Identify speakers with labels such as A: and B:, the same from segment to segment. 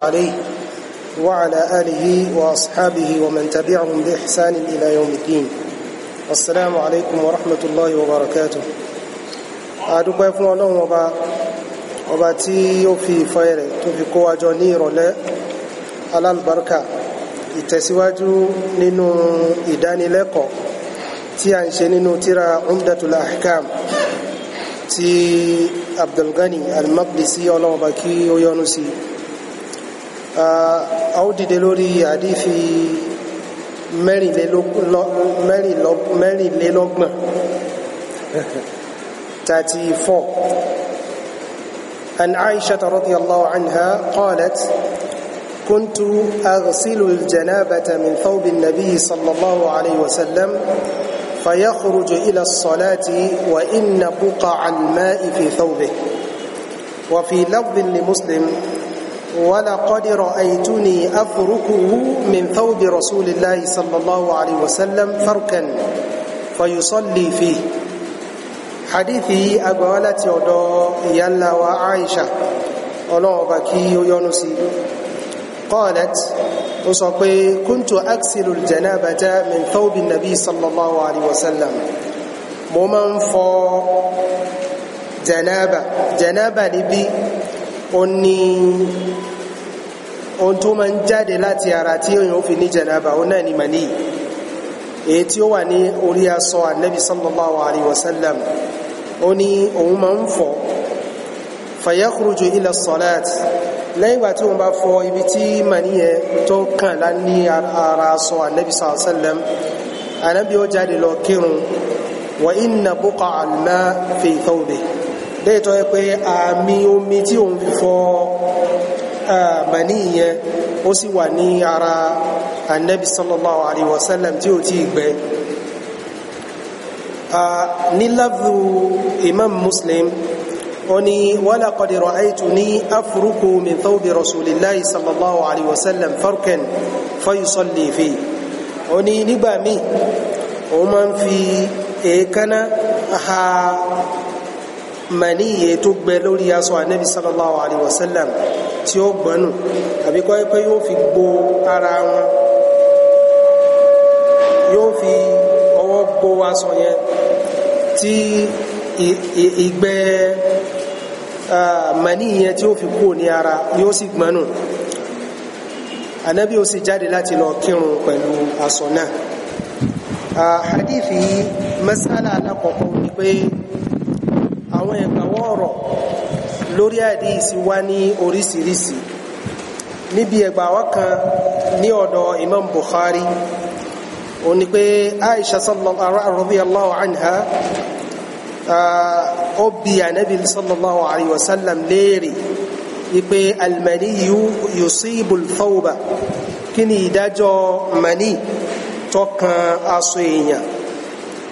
A: عليه وعلى آله وأصحابه ومن تبعهم بإحسان إلى يوم الدين السلام عليكم ورحمة الله وبركاته أدوكم فún Ọlọ́run ọba ọba tí ó fi ìfẹ́ rẹ̀ tó fi kó àjọ ní ìrọ̀lẹ́ alálùbáríkà ìtẹ̀síwájú nínú ìdánilẹ́kọ̀ọ́ tí a ń ṣe nínú tírà Umdatul Ahkam ti Abdulgani Al-Maqdisi ọlọ́wọ́ba kí ó yọ́nú sí i a ó dìde lórí àdífi mẹ́rìnlélọ́gbọ̀n thirty four an Aisha radiyallahu anha qalat كنت أغسل الجنابة من ثوب النبي صلى الله عليه وسلم فيخرج إلى الصلاة وإن بقع الماء في ثوبه وفي لفظ لمسلم ولقد رأيتني أفركه من ثوب رسول الله صلى الله عليه وسلم فركا فيصلي فيه حديثي أقوالة يدو يلا وعائشة الله بكي يونسي قالت أصبي كنت أكسل الجنابة من ثوب النبي صلى الله عليه وسلم ممن فو جنابة جنابة نبي ó ní ohun tó máa ń jáde láti ara tí èèyàn ó fi ní jẹ̀nàbà ó náà ni mani èyí tí ó wà ní orí aṣọ ànábì sallallahu alayhi wa sallam ó ní òun máa ń fọ̀ fayakhruju ila salat lẹ́yìn ìgbà tí wọ́n bá fọ ibi tí màníyẹ tó kàn ní ara aṣọ ànábì sallallahu alayhi wa sallam ànábì ó jáde lọ kírun wa inna buqa alma fi thawbihi léètọ́ yẹ pé àmì omi tí òun fi fọ mani yẹn ó sì wà ní ara anabi sallallahu alayhi wa sallam tí ò tí ì gbẹ ní lábú imam muslim ó ní wala qad ra'aytuni afruku min thawbi rasulillahi sallallahu alayhi wa sallam farkan ó ní nígbà míì òun máa ń fi èékánná mani yìí tó gbẹ lórí aṣọ anabi sallallahu alayhi wa sallam tí ó gbọnù àbí kọ́ pé yóò fi gbo ara wọn yóò fi ọwọ́ gbo aṣọ yẹn tí ìgbẹ́ mani yẹn tí ó fi kúrò ní ara yóò sì gbọnù anabi ó sì jáde láti lọ kírun pẹ̀lú aṣọ náà hadithi masala alákọ̀ọ́kọ́ ni pé àwọn ẹ̀gbàwọ́ ọ̀rọ̀ lórí àdíìsí wá ní oríṣiríṣi níbi ẹ̀gbàwọ́ kan ní ọ̀dọ̀ Imam Bukhari ó ní pé Aisha sallallahu radiyallahu anha ó bi ànábì sallallahu alayhi wa sallam léèrè wípé almani yusibu althawba kí ni ìdájọ́ mani tó kan èèyàn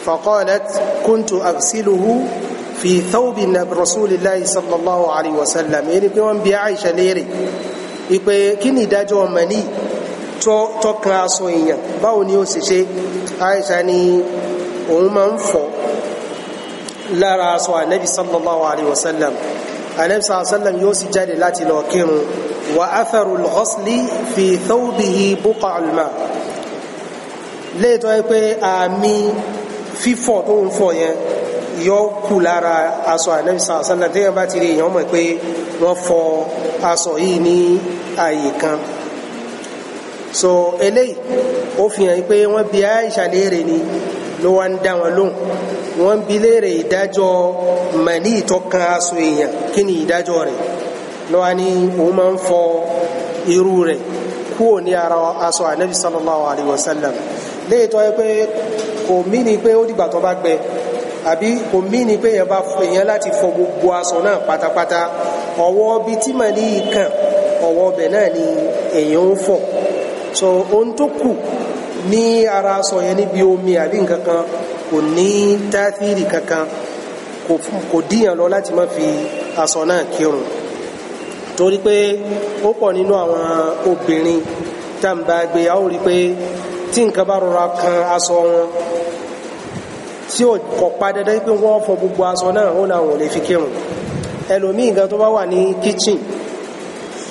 A: faqalat kuntu aghsiluhu fi thawbi nabi rasulillahi sallallahu alayhi wa sallam ẹni pé wọ́n bi Aisha léèrè ìpè kí ni ìdájọ́ mani tọ́kan aṣọ èèyàn báwo ni ó sì ṣe Aisha ni òun máa ń fọ̀ lára aṣọ anabi sallallahu alayhi wa sallam anabi sallallahu alayhi wa sallam yóò sì jáde láti lọ kírun wa atharu al fi thawbihi buqa al-ma léètọ́ pé àmì fífọ̀ tó ń fọ̀ yẹn yọ kù lára aṣọ ànábì sàn sàn bá ti rí èèyàn mọ̀ pé fọ aṣọ yìí ní kan so eléyìí ó fi hàn pé wọ́n bi Aisha ni ló wá ń dá wọn lóhùn wọ́n bi léèrè ìdájọ́ màní ìtọ́kan aṣọ èèyàn kí ni ìdájọ́ rẹ̀ ni òun máa ń fọ irú rẹ̀ kúrò ní ara aṣọ ànábì sallallahu yẹ pé àbí kò mí ni pé èèyàn bá èèyàn láti fọ gbogbo aṣọ náà pátápátá ọwọ́ bí tí màlí kàn ọwọ́ ọbẹ̀ náà ni èèyàn ń fọ so ohun tó kù ní ara aṣọ yẹn níbi omi àbí nǹkan kan kò ní táfíìrì kankan kò díyàn lọ láti má fi aṣọ náà kírun torí pé ó pọ̀ nínú àwọn obìnrin tá n bá gbé a ó rí pé tí nǹkan bá rọra kan aṣọ wọn tí ò kọ̀ pa dandan pé wọ́n fọ gbogbo aṣọ náà ó làwọn ò lè fi kírun ẹlòmíì gan tó bá wà ní kitchen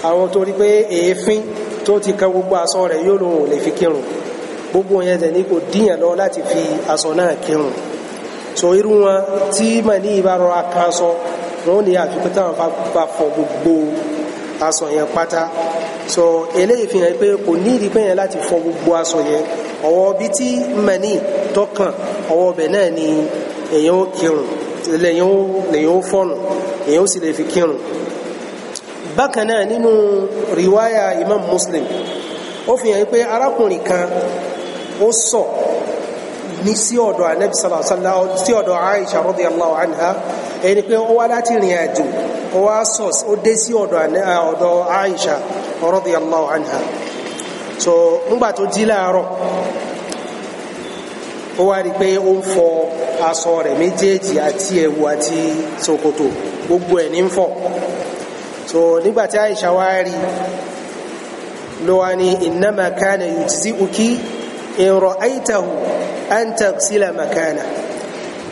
A: àwọn torí pé èéfín tó ti kan gbogbo aṣọ rẹ̀ yóò lòun ò lè fi kírun gbogbo yẹn tẹ̀ ní kò díyàn lọ láti fi aṣọ náà kírun so irú wọn tí mà ní ìbára akáṣọ wọn ní àfikún táwọn bá fọ gbogbo aṣọ yẹn pátá so eléyìí fi hàn pé kò ní ìdí pé yẹn láti fọ gbogbo aṣọ yẹn ọwọ́ bí tí mani tọkàn ọwọ́ bẹ̀ náà ni èyàn ó kírun lèyàn ó fọ́nù èyàn ó sì lè fi kírun bákan náà nínú riwaya imam muslim ó fi hàn pé arákùnrin kan ó sọ ní sí ọ̀dọ̀ anabi sallallahu alaihi wasallam sí ọ̀dọ̀ aisha radiyallahu anha ẹni pé ó wá láti rìn àjò ó wá sọ ó dé sí ọ̀dọ̀ aisha radiyallahu anha so nígbà tó jí láàárọ̀ ó wá rí i pé ó ń fọ aṣọ rẹ̀ méjèèjì àti ẹ̀wù àti ṣòkòtò gbogbo ẹ̀ ní ń fọ̀ so nígbà tí Aisha wá rí ló wá ní innama kana yujzi'uki in ra'aytahu an taghsila makana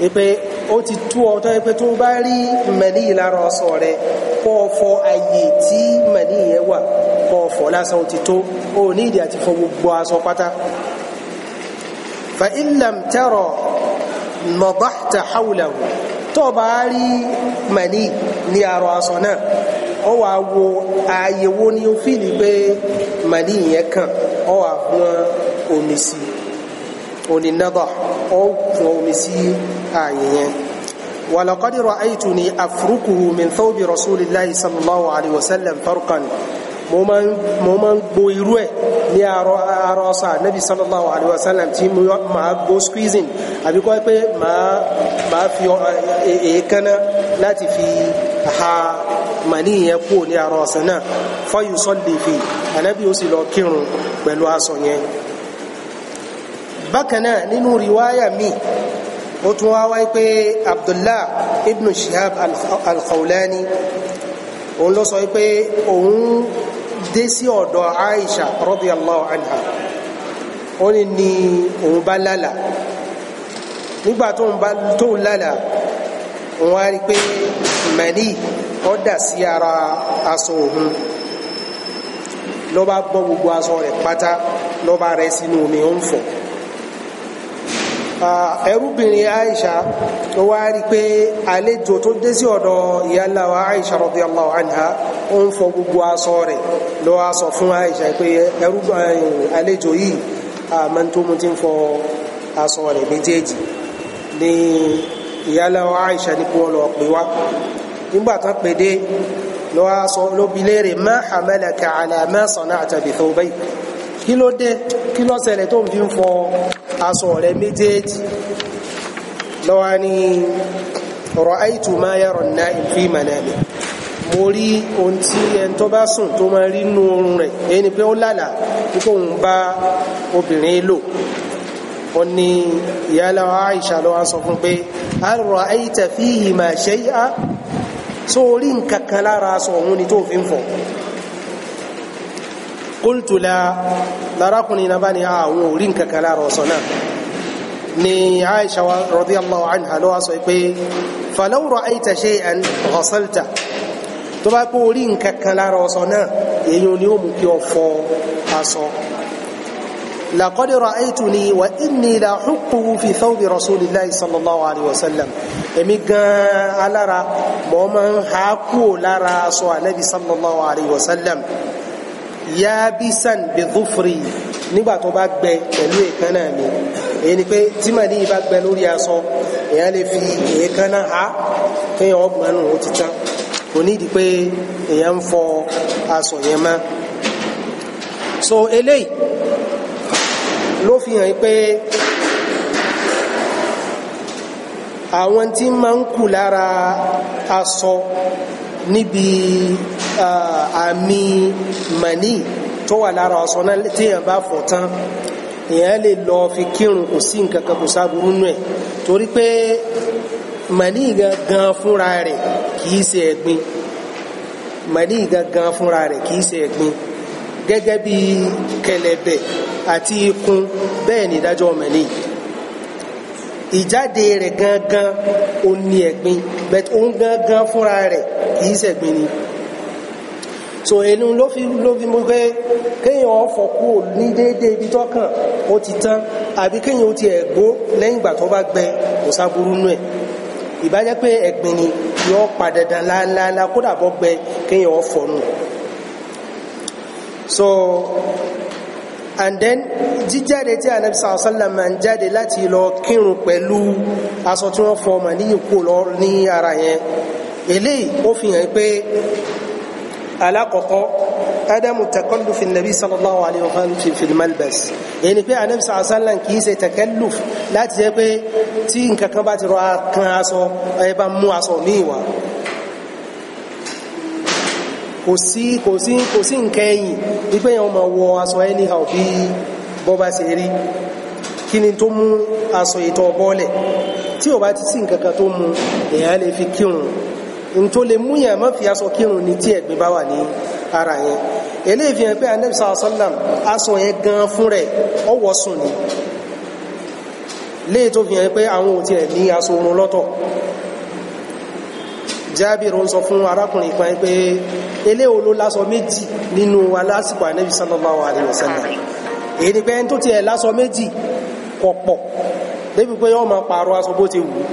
A: ipe ó ti tú ọtọ́ ipe tó bá rí mẹ́lì lára ọsọ rẹ kó o fọ àyè tí mẹ́lì yẹn wà kó o fọ lásán ti tó o ní ìdí àti fọ gbogbo aṣọ pátá fa illam tara nadahta hawlahu tó o bá rí mẹ́lì ní àrọ aṣọ náà ó wà wo ààyè wo ni pé mẹ́lì yẹn kàn ó wà fún omi sí onínábà ó fún omi sí ààyè yẹn walaqad ra'aytuni afrukuhu min thawbi rasulillahi sallallahu alayhi wa sallam farkan mo máa ń gbo irú ẹ̀ ní arọ ọsà nabi sallallahu alayhi wa sallam tí máa gbo squeezing àbíkọ́ pé máa fi èékánná láti fi ha mani yẹn kúrò ní ara ọ̀sán náà fọ́yù sọ́lẹ̀fì anábì ó sì lọ kírun pẹ̀lú aṣọ yẹn bákan náà nínú riwaya mi ó tún wá wáyé pé abdullah ibn shihab al-khawlani òun ló sọ pé òun dé sí ọ̀dọ̀ aisha radiyallahu anha ó ní ní òun bá lálà nígbà tó ń lálà òun wá rí pé mẹ́lì ó dà sí ara aṣọ òun ló bá bọ́ gbogbo aṣọ rẹ̀ pátá ló bá rẹ̀ sínú omi ó ń fọ̀ ẹrúbìnrin Aisha wá rí pé àlejò tó dé sí ọ̀dọ̀ ìyálà wa Aisha radiyallahu anha ó ń fọ gbogbo aṣọ rẹ̀ ló wá sọ fún Aisha pé ẹrúbìnrin eh, àlejò yìí àmọ́ntómú ti ń fọ aṣọ rẹ̀ méjèèjì ní ìyálà wa Aisha ní kí wọ́n lọ pè wá nígbà tán pè dé ló lóbi léèrè ma hamalaka ala ma sana'ta bi thawbayk kí ló dé kí ló ṣẹlẹ̀ tó ń fi ń fọ aṣọ rẹ̀ méjèèjì lọ́wọ́ ni ra'aytu ma yara an-na'im fi manami mo rí ohun tí ẹni tó bá sùn tó máa rí nínú oorun rẹ̀ èyí ni pé ó lálàá kíkó òun bá obìnrin lò ó ní ìyálà Aisha ló sọ fún pé hal ra'ayta fihima shay'a sórí nǹkan kan lára aṣọ òun ni tó fi ń fọ̀ qultu la lárákùnrin náà bá ní àwọn ah, orí nǹkan kan lára ọ̀sán náà ni aisha radiyallahu anha ló wá sọ pé falaw ra'ayta shay'an ghasalta tó bá pé orí nǹkan kan lára ọ̀sán náà ni ó mú kí ọ fọ aṣọ لقد رأيتني وإني لا حقه في ثوب رسول الله صلى الله عليه وسلم èmi gan alára mo máa ń ha kúrò lára aṣọ ànábì sallallahu alayhi wa yabisan bi dhufri nígbà tó bá gbẹ pẹ̀lú èékánná mi èyí ni pé tí màdí yìí bá gbẹ lórí aṣọ èyàn lè fi èékánná ha kéèyàn ọgbọ̀n nù ó ti tán kò nídìí pé èyàn ń fọ aṣọ yẹn mọ́ so eléyìí ló fi hàn pé àwọn tí ma ń kù lára aṣọ níbi àmì mani tó wà lára aṣọ náà tí téèyàn bá fọ̀ tán èèyàn lè lọ fi kírun kò sí nǹkan kan kò sáburú nù ẹ̀ torí pé mani gangan fúnra rẹ̀ kìí ṣe ẹ̀gbin mani gangan fúnra rẹ̀ kìí ṣe ẹ̀gbin gẹ́gẹ́ bí kẹlẹ̀bẹ̀ àti ikun bẹ́ẹ̀ ni ìdájọ́ mani yìí ìjáde rẹ̀ gangan ó ní ẹ̀gbin bẹ́ẹ̀ ó ń gangan fúnra rẹ̀ kì í ṣẹ̀gbin ni so ẹnu ló fi ló fi mú pé kéèyàn ọ̀fọ̀ kú ní déédéé ibi tó kàn ó ti tán àbí kéèyàn ó ti ẹ̀gbó lẹ́yìn ìgbà tó bá gbẹ kò sáburú nù ẹ̀ ìbájẹ́ pé ẹ̀gbin ni yóò pa dandan láńláńlá kódà bọ́ gbẹ kéèyàn ọ̀fọ̀ nù so and then jíjáde tí anabi sàlọ sàlọ máa ń jáde láti lọ kírun pẹ̀lú aṣọ tí wọ́n fọ ọmọ níyì kó lọ ní ara yẹn eléyìí ó fi hàn pé alákọ̀ọ́kọ́ adamu takalluf nabi sallallahu alayhi wa sallam fi malbas èyí pé anabi sàlọ sàlọ kì í ṣe láti jẹ́ pé tí nǹkan bá ti rọ kan aṣọ ẹ bá mú aṣọ míì wá kò sí kò sí kò sí nǹkan wípé yẹn wọ aṣọ anyhow bí bọ́bá ṣe rí kí ni tó mú aṣọ ìtọ̀ bọ́ọ̀lẹ̀ tí ò ti sí nǹkan t'o tó mú èèyàn fi kírun n tó lè mú ma má fi aṣọ kírun ni tí ẹ̀gbin bá wà ní ara yẹn eléyìí fi hàn pé anabi sàlá sàlám aṣọ yẹn gan fún rẹ̀ sùn ni léyìí tó fi hàn pé àwọn ò tiẹ̀ ní aṣọ orun lọ́tọ̀ jábìrì ń sọ fún arákùnrin kan pé eléwo ló láṣọ méjì nínú wa lásìkò ànábì sallallahu alaihi wasallam èyí ni pé ẹni tó tiẹ̀ láṣọ méjì kò pọ̀ débi pé yóò máa pààrọ̀ aṣọ bó ti wù ú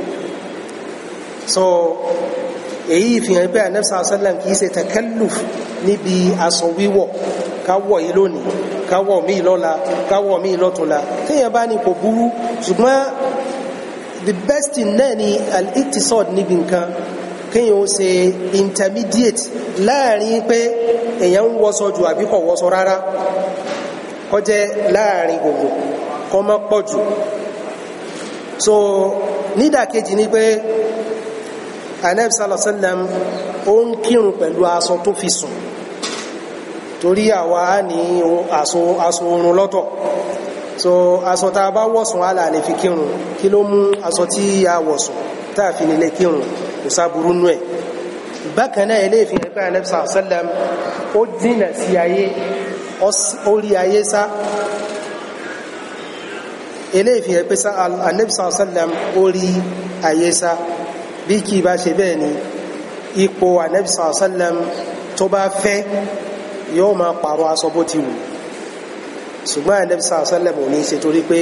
A: so èyí ìfihàn pé ànábì sallallahu alaihi wasallam kì í ṣe takalluf níbi aṣọ wíwọ̀ ká wọ̀ yìí lónìí ká wọ̀ míì lọ́la ká wọ̀ míì téèyàn bá ní kò burú ṣùgbọ́n the best thing náà ni al-iqtisad níbi nǹkan kéèyàn ó ṣe intermediate láàrin pé èèyàn ń wọṣọ jù àbí kò wọṣọ rárá kó jẹ́ láàrin gbogbo kó má pọ̀ jù so nídàkejì ni pé anabi sallallahu alayhi wa sallam ó ń kírun pẹ̀lú aṣọ tó fi sùn torí àwa ní aṣọ oorun lọ́tọ̀ so aṣọ tá a bá wọ̀sùn àlà lè fi kírun kí ló mú aṣọ tí a wọ̀sùn tá a fi nílé kírun kò sáburú nú ẹ̀ bákan náà ilé ìfihàn pé anabisa sallam ó dínà sí ayé ó rí ayé sá ilé ìfihàn pé anabisa sallam ó rí ayé sá bí kì í bá ṣe bẹ́ẹ̀ ni ipò anabisa sallam tó bá fẹ́ yóò máa pààrọ̀ aṣọ bó ti wù ṣùgbọ́n anabisa sallam ò ní ṣe torí pé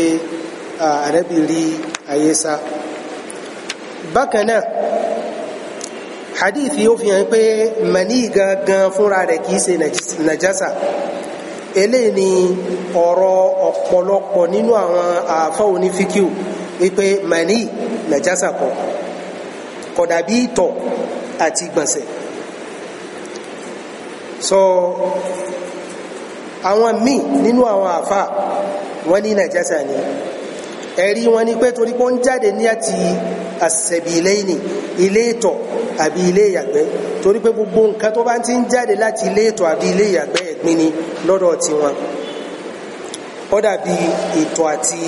A: anabi rí ayé sá bákan hadithi yóò fi hàn pé mani gangan fúnra rẹ̀ kìí ṣe nàjásà eléyìí ni ọ̀rọ̀ ọ̀pọ̀lọpọ̀ nínú àwọn àfọ́ onífíkíù wípé mani najasa kọ́ kódà bí ìtọ̀ àti gbọ̀nsẹ̀ so àwọn míì nínú àwọn àfà wọ́n ní nàjásà ni ẹ̀rí wọn ni pé torí pé ó ń jáde ní àti àṣẹ̀bìlẹ́yìn ilé ìtọ̀ àbí ilé ìyàgbẹ́ torí pé gbogbo nǹkan tó bá ti ń jáde láti ilé ìtọ̀ àbí ilé ìyàgbẹ́ ẹ̀gbin ni lọ́dọ̀ tiwọn ó dàbí ìtọ̀ àti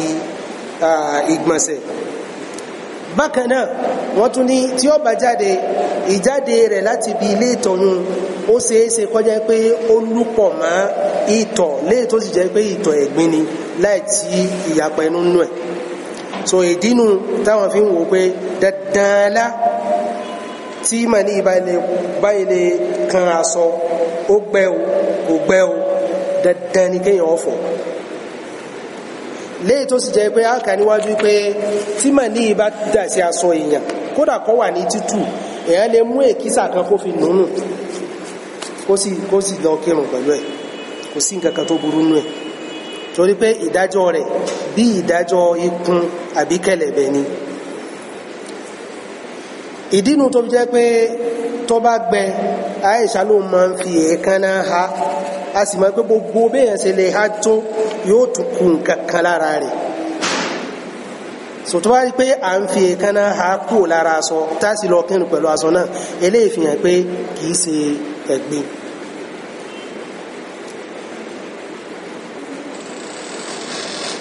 A: ìgbọ̀nsẹ̀ bákan náà wọ́n tún ní tí ó bá jáde ìjáde rẹ̀ láti ibi ilé ìtọ̀ ó ṣeéṣe kọjá pé ó lúpọ̀ mọ́ ìtọ̀ léè sì jẹ́ pé ìtọ̀ ẹ̀gbin ni láì tí ìyàpẹ̀nu nù ẹ̀ so ìdínú táwọn fi ń wò pé dandanlá tí mà ní ìbáyìí lè kan aṣọ ó gbẹ o kò gbẹ o dandan ni kéèyàn ọ̀fọ̀ léyìí tó sì jẹ́ pé a kà níwájú pé tí mà ní ìbá dà sí aṣọ èèyàn kódà kọ́ wà ní títù èèyàn lè mú èkísà kan kó fi nùnù kó sì lọ kírun pẹ̀lú ẹ̀ kò sí nǹkan kan tó burú nù ẹ̀ torí pé ìdájọ́ rẹ̀ bí ìdájọ́ ikùn àbí kẹ̀lẹ̀bẹ̀ ni ìdínú tó fi jẹ́ pé tó bá gbẹ Àìṣà ló máa ń fi èékánná ha a sì máa pé gbogbo béèyàn ṣe lè ha tó yóò tún kù nǹkan kan lára rẹ̀ sòtò bá rí pé à ń fi èékánná ha kúrò lára aṣọ tá a sì lọ kírun pẹ̀lú aṣọ náà eléyìí fi hàn pé kì í ṣe ẹ̀gbin. E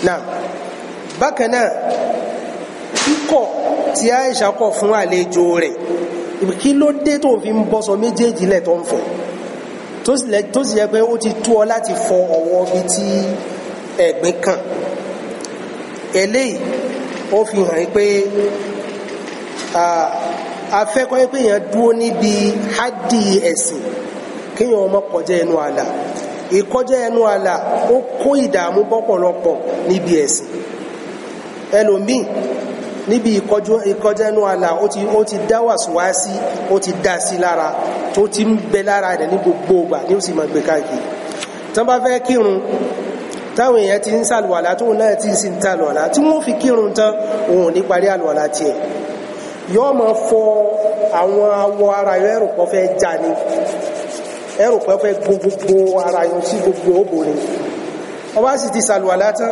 A: náà bákan náà kíkọ̀ tí Aisha kọ̀ fún àlejò rẹ̀ kí ló dé tó fi ń bọ́sọ méjèèjì lẹ̀ tó ń fọ̀ tó sì yẹ pé ó ti tó ọ láti fọ ọwọ́ bí tí ẹ̀gbin kàn eléyìí ó fi hàn pé afẹ́kọ́ pé èèyàn dúró níbi hádìí ẹ̀sìn kéèyàn ọmọ kọjá ẹnu àlà ìkọjá ẹnu àlà ó kó ìdààmú bọ́pọ̀lọpọ̀ níbi ẹ̀sìn ẹlòmíì níbi ìkọjá ẹnu àlà ó ti ó ti dá wàsíwàsí ó ti dá sí lára tó ti ń bẹ lára rẹ̀ ní gbogbo ìgbà ní ó sì máa gbé káàkiri tán bá fẹ́ kírun táwọn èèyàn ti ń sàlùwàlá tóun náà ti ń sin tàlùwàlá tí wọ́n fi kírun tán òun ní parí àlùwàlá tiẹ̀ yọ́ fọ àwọn awọ ara ẹ̀rọ kọ́ fẹ́ já ni ẹrù pẹ́pẹ́ gbogbo ara yóò gbogbo ó ọba sì ti sàlùwàlá tán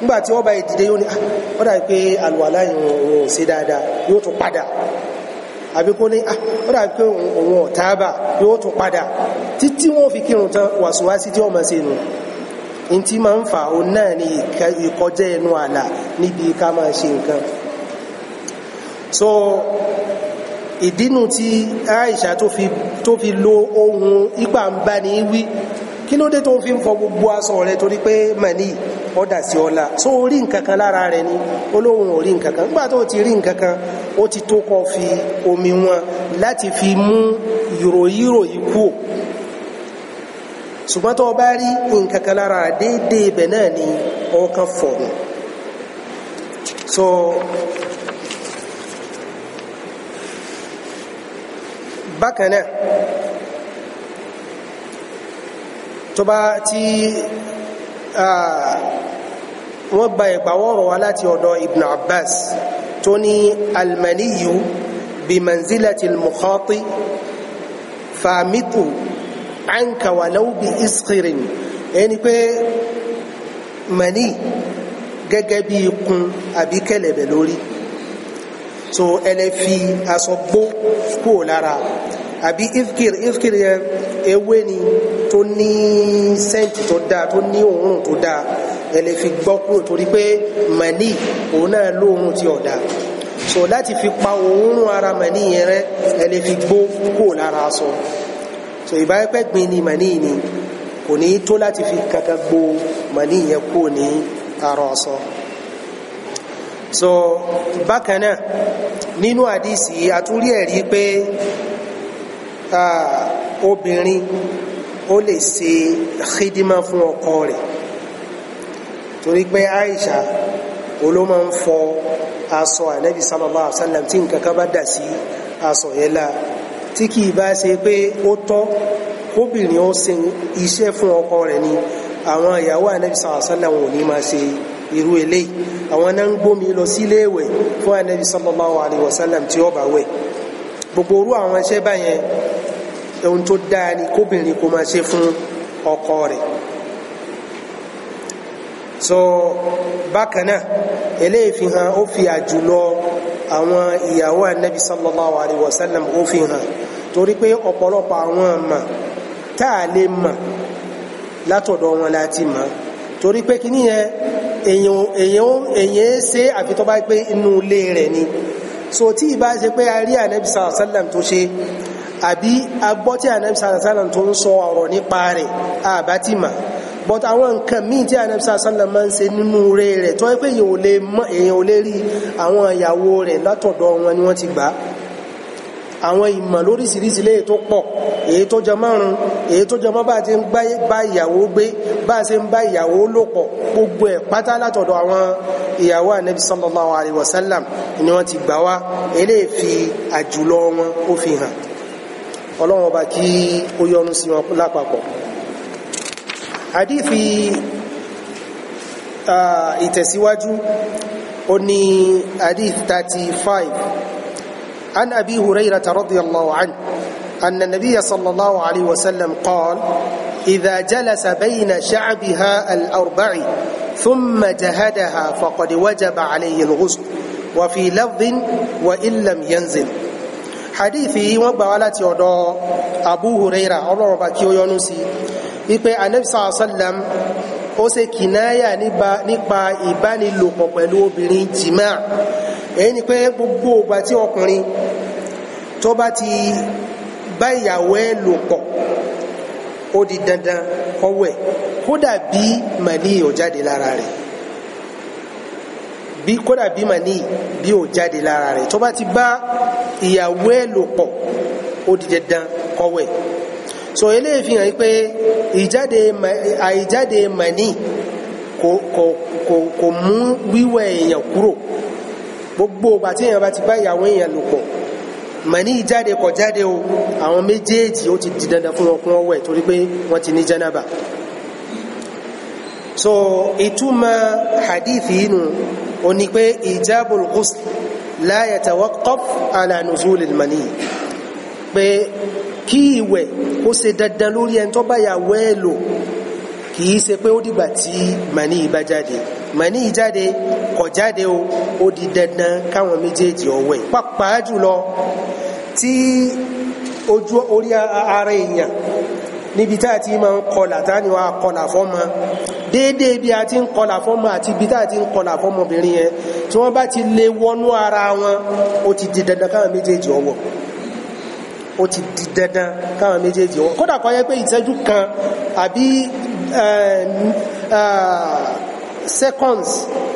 A: nígbàtí ọba ìdìde yóò ní ah, ó pé àlùwàlá ìwọ̀n sí dáadáa yóò tún padà àbí kó ní ah, ó pé òun ọ̀táàbà yóò tún padà títí wọ́n fi kírun tán wàsùwásí tí ọmọ sínú ní tí máa ń náà ní ìkọjẹ́ àlà níbi ká máa ṣe nǹkan ìdínú tí Aisha tó fi tó fi lo ohun ipa ń bá ní wí kí ló dé tó fi ń fọ gbogbo aṣọ rẹ torí pé mani ọ̀dà sí ọ̀la tó rí nǹkan kan lára rẹ ni olóhùn ò rí nǹkan kan nígbà tó ti rí nǹkan kan ó ti tó kọ fi omi wọn láti fi mú yòròyìrò yìí kú ṣùgbọ́n rí nǹkan lára déédéé ibẹ̀ náà ni ọkàn fọ̀nù so bákan náà tó bá tí wọ́n gba ìgbàwọ́rọ̀ wa láti ọ̀dọ̀ ibn abbas tó ní almaniyu bí manzilati al-mukhati fàmìtù anka walau iskirin ẹni pé mani gẹ́gẹ́ bí ikun àbí lórí so ẹlẹ́ fi aṣọ gbó kúrò lára àbí ifkir ifkir yẹn ewé ni tó ní sẹ́ǹtì tó dáa tó ní òórùn tó dáa ẹlẹ́ fi gbọ́ kúrò torí pé mani òun náà lóòórùn tí ọ̀dà so láti fi pa òórùn ara mani yẹn rẹ ẹlẹ́ fi gbó kúrò lára aṣọ so ìbáyẹ̀pẹ̀ gbin ni mani ni kò ní tó láti fi kankan gbó mani yẹn kúrò ní ara aṣọ. So so bákanáà nínú àdísì àtúrí ẹ̀rí pé obìnrin ó lè ṣe xidima fún ọkọ rẹ̀ torí pé Aisha olóma ń fọ aṣọ ànábì sallallahu alaihi wasallam tí nǹkan kan bá dà sí aṣọ yẹn la tí kì í bá ṣe pé ó tọ́ obìnrin ó ṣe iṣẹ́ fún ọkọ rẹ̀ ni àwọn ìyàwó ànábì sallallahu alaihi ò ní máa ṣe irú eléyìí àwọn náà ń gbómi lọ sílé ìwẹ̀ fún anabi sallallahu alayhi wa sallam tí ó bá wẹ̀ gbogbo orú àwọn iṣẹ́ báyẹn ohun tó dáa ni kóbìnrin kó máa ṣe fún ọkọ rẹ̀ so bákan náà eléyìí fi hàn ó fi àjùlọ àwọn ìyàwó anabi sallallahu alayhi wa sallam ó fi hàn torí pé ọ̀pọ̀lọpọ̀ àwọn ọmọ tá a lè mọ̀ látọ̀dọ̀ wọn láti mọ̀ torí pé kí nìyẹn èyàn èyàn èyàn ṣe àfi tó bá pé inú ilé rẹ̀ ni so tí ìbá ṣe pé a rí ànábì sàlám tó ṣe àbí agbọ́ tí ànábì sàlám tó ń sọ ọ̀rọ̀ nípa rẹ̀ àbá ti mà but àwọn nǹkan míì tí ànábì sàlám máa ń ṣe nínú rẹ̀ rẹ̀ tó yẹ pé èyàn ò lè rí àwọn ìyàwó rẹ̀ látọ̀dọ̀ wọn ni wọ́n ti gbà á àwọn ìmọ̀ lóríṣiríṣi léè tó pọ̀ èyí tó jẹ márùn èyí tó jẹ mọ́ bá ti ń bá ìyàwó gbé bá ṣe ń bá ìyàwó lò pọ̀ gbogbo ẹ̀ pátá látọ̀dọ̀ àwọn ìyàwó ànábi sallallahu alayhi ni wọ́n ti gbà wá eléè fi àjùlọ wọn ó fi hàn ọlọ́run ọba kí ó yọ́nú sí wọn lápapọ̀ àdífi ah, ìtẹ̀síwájú ó ní àdífi 35 عن أبي هريرة رضي الله عنه أن النبي صلى الله عليه وسلم قال إذا جلس بين شعبها الأربع ثم جهدها فقد وجب عليه الغسل وفي لفظ وإن لم ينزل حديثي وبالات يدو أبو هريرة الله باكيو يونسي ipe anabi sallallahu alaihi wasallam ó ṣe kìnnáyà nípa ìbánilòpọ̀ pẹ̀lú obìnrin jìmáà èyí ni pé gbogbo ìgbà tí ọkùnrin tó bá ti bá ìyàwó ẹ̀ lò pọ̀ ó di dandan kọwọ ẹ kódà bí màní ò jáde lára rẹ̀ bí kódà bí màní bí ò jáde lára rẹ̀ tó bá ti bá ìyàwó ẹ̀ lò pọ̀ ó di dandan kọwọ ẹ so eléyìí fi hàn pé ìjáde àìjáde màní kò kò mú wíwẹ̀ èèyàn kúrò gbogbo ìgbà tí èèyàn bá ti bá ìyàwó èèyàn lò pọ̀ mani jáde kọ̀ jáde o àwọn méjèèjì ó ti di dandan fún wọn kún ọwọ́ ẹ̀ torí pé wọ́n ti ní jẹ́nàbà so ìtumọ̀ hadith inú o ní pé ijabul ghusl la yatawaqqaf ala nuzulil mani pé kí ìwẹ̀ ó ṣe dandan lórí ẹni tó bá yàwó ẹ̀ lò kìí ṣe pé ó dìgbà tí mani bá jáde mani jáde kọ̀ jáde o ó di dandan káwọn méjèèjì ọwọ́ ẹ̀ pàápàá jùlọ tí ojú orí ara èèyàn níbi tá a ti ń kọlà tá wa kọlà fọ́mọ déédéé bí a ti ń kọlà fọ́mọ àti ibi tá a ti ń kọlà fọ́mọbìnrin yẹn tí wọ́n bá ti lè wọnú ara wọn ó ti di dandan káwọn méjèèjì ọwọ́ ó ti di dandan káwọn méjèèjì ọwọ́ kódà kọ́ yẹ pé ìṣẹ́jú kan àbí eh, eh, seconds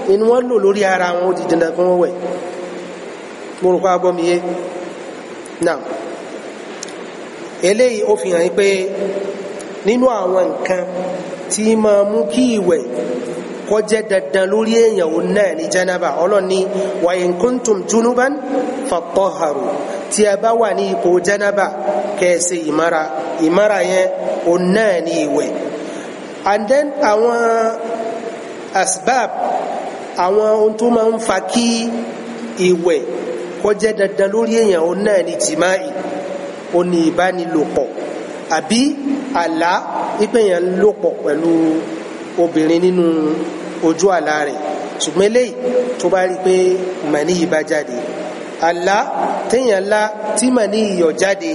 A: inú wọn lò lórí ara wọn ó di dandan kí wọn wẹ̀ mo rò pa agbọmi yé náà eléyìí ó fi hàn pé nínú àwọn nǹkan tí máa mú kí ìwẹ̀ kó dandan lórí èèyàn òun náà ní janaba Ọlọ́run ní wa in kuntum junuban fatahharu tí a bá wà ní ipò janaba kẹsẹ̀ ìmára ìmára yẹn òun náà ní ìwẹ̀ and then àwọn asbab àwọn ohun tó máa ń fa kí ìwẹ̀ kó dandan lórí èèyàn òun náà ni tìmáì òun ni ìbánilòpọ̀ àbí àlá wípé èèyàn ń lòpọ̀ pẹ̀lú obìnrin nínú ojú àlá rẹ̀ ṣùgbọ́n eléyìí tó bá rí pé màní yìí bá jáde àlá téèyàn lá tí màní yìí yọ jáde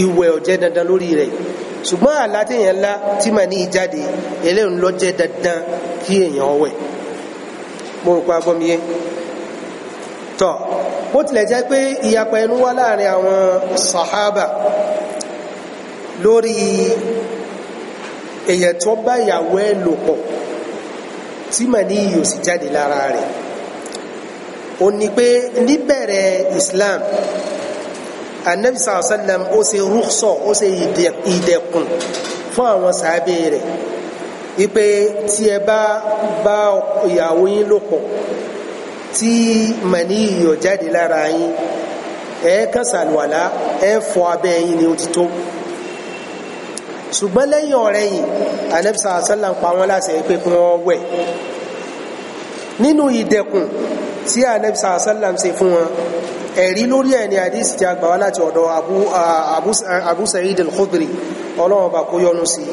A: ìwẹ̀ ò dandan lórí rẹ̀ ṣùgbọ́n àlá téèyàn lá tí màní yìí jáde eléyìí ló jẹ́ dandan kí èèyàn wẹ̀ mo rò pa agbọ́miyé tọ́ bó tilẹ̀ jẹ́ pé ìyapa ẹnu wá láàrin àwọn sàhábà lórí èyàn tó bá ìyàwó ẹ̀ lò pọ̀ tí mà ní iyò sì jáde lára rẹ̀ ó ní pé níbẹ̀rẹ̀ Islam anabi sàlám ó ṣe rúkṣọ ó ṣe ìdẹ̀kùn fún àwọn sàábẹ̀ rẹ̀ ipe tí ẹ bá bá ìyàwó yín lò pọ̀ tí mani yíyọ jáde lára yín ẹ kàn ṣàlùwàlá ẹ fọ abẹ́ yín ni ó ti tó ṣùgbọ́n lẹ́yìn ọ̀rẹ́ yìí anabisa asala ń pa wọn láṣẹ pé kí wọ́n wẹ̀ nínú ìdẹ̀kùn tí anabisa asala ń ṣe fún wọn ẹ̀rí lórí ẹ̀ ní àdísì tí a wá láti ọ̀dọ̀ Abu Sa'id al-Khudri ọlọ́run bá kó yọ́nú sí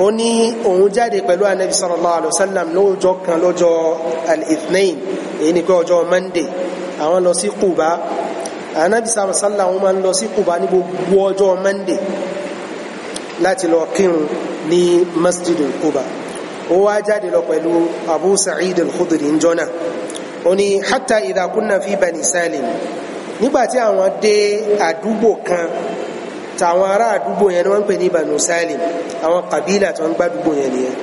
A: ó ní òun jáde pẹ̀lú anabi sallallahu alayhi wa sallam lọ́jọ́ kan lọ́jọ́ al-ithnain èyí ni pé ọjọ́ monday àwọn lọ sí Kùbá anabi sallallahu alayhi wa sallam máa ń lọ sí Kùbá ní gbogbo ọjọ́ monday láti lọ kírun ní masjid Kùbá ó wá jáde lọ pẹ̀lú abu sa'id al-khudri njọ́nà ó ní hatta idha fi bani salim nígbà àwọn dé àdúgbò kan tàwọn ará àdúgbò yẹn ni wọ́n ń pè ní Banu Salim àwọn kàbílà tó ń gbádùgbò yẹn nìyẹn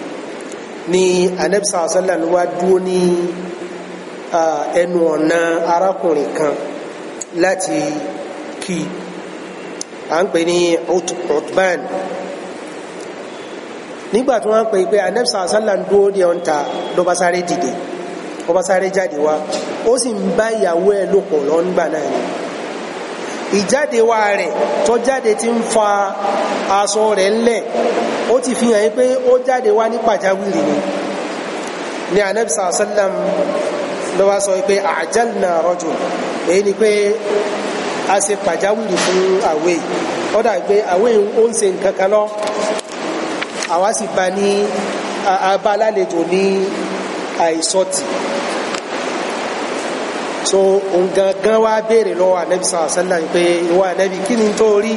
A: ni Ànábì sàásánlá ló wá dúró ní ẹnu ọ̀nà arákùnrin kan láti kí à ń pè ní Utban nígbà tí wọ́n pè pé Ànábì sàásánlá dúró ní ọ̀ǹta ló dìde ó jáde wá ó sì ń bá ìyàwó ẹ̀ lòpọ̀ lọ́ngbà náà ni ìjáde wa rẹ̀ tó jáde ti ń fa aṣọ rẹ̀ ńlẹ̀ ó ti fi hàn yín pé ó jáde wá ní pàjáwìrì ni ní anabi sàlám ló wá sọ pé àjálùnà rọjò èyí ni pé a ṣe pàjáwìrì fún àwẹ̀ ó dà pé àwẹ̀ ó ń ṣe nǹkan kan lọ àwa sì bá ní abá ní àìsọ̀tì so nǹkan gan wá béèrè lọ́wọ́ anabi sàlá sàlá pé ìwà anabi kí ni tó rí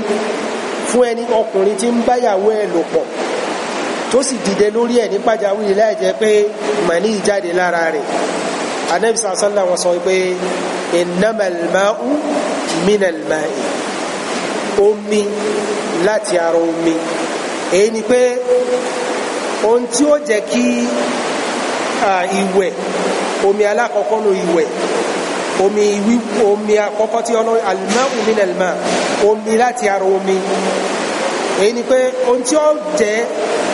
A: fún ẹni ọkùnrin tí ń báyàwó ẹ̀ lò pọ̀ tó sì dìde lórí ẹ̀ ní pàjáwìrì láì jẹ́ pé màní ìjáde lára rẹ̀ anabi sàlá sàlá wọn sọ pé innamal ma'u minal ma'i omi láti ara omi èyí ni pé ohun tí ó jẹ́ kí ìwẹ̀ omi alákọ̀ọ́kọ́ nù ìwẹ̀ omi wí omi àkọ́kọ́ tí ọlọ́run al-ma'u min al-ma' omi láti ara omi èyí ni pé ohun tí ó jẹ́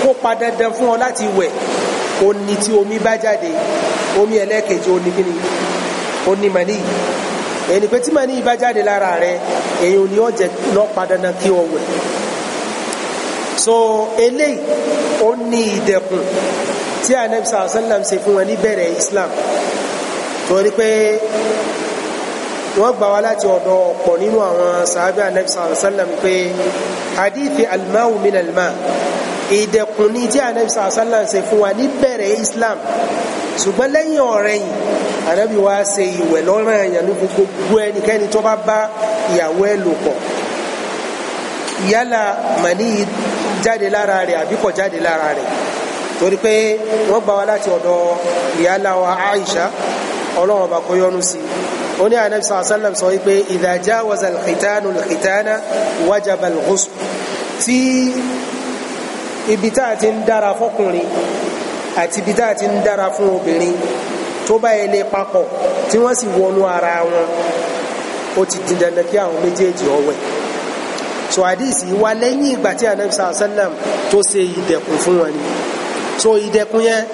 A: kó pa dandan fún ọ láti wẹ̀ ó ní omi bá jáde omi ẹlẹ́ẹ̀kejì ó ní kíni ó mani èyí ni pé tí mani bá jáde lára rẹ èyí ò ní ó jẹ́ lọ pa dandan kí ọ wẹ̀ so eléyìí ó ní ìdẹ̀kùn tí anabi sallallahu alaihi ṣe fún wọn ní Islam torí pé wọ́n gbà wá láti ọ̀dọ̀ ọ̀pọ̀ nínú àwọn sàábì anabi sallallahu pé hadithi almahu min alma ìdẹ̀kùn ní tí anabi sallallahu alayhi fún wa ní bẹ̀rẹ̀ islam ṣùgbọ́n lẹ́yìn ọ̀rẹ́yìn anabi wa ṣe ìwẹ̀ lọ́rùn ẹ̀yàn ní gbogbo ẹnikẹ́ni tó bá bá ìyàwó ẹ̀ lò pọ̀ yálà màní jáde lára rẹ̀ àbí jáde lára rẹ̀ torí pé wọ́n gbà wá láti ọ̀dọ̀ ìyálà wa Aisha ọlọ́run ọba kó yọ́nú sí i ó ní anabi sọ àṣàlám sọ wípé idha jawaza al-khitanu al-khitana wajaba al-ghusl tí ibi tá a ti ń dára fọkùnrin àti ibi tá a ti ń dára fún obìnrin tó bá yẹ lé papọ̀ tí wọ́n sì wọnú ara wọn ó ti di dandan kí àwọn méjèèjì ọwẹ́ so àdìsí wa lẹ́yìn ìgbà tí anabi sọ àṣàlám tó ṣe ìdẹ̀kùn fún wọn ni so ìdẹ̀kùn yẹn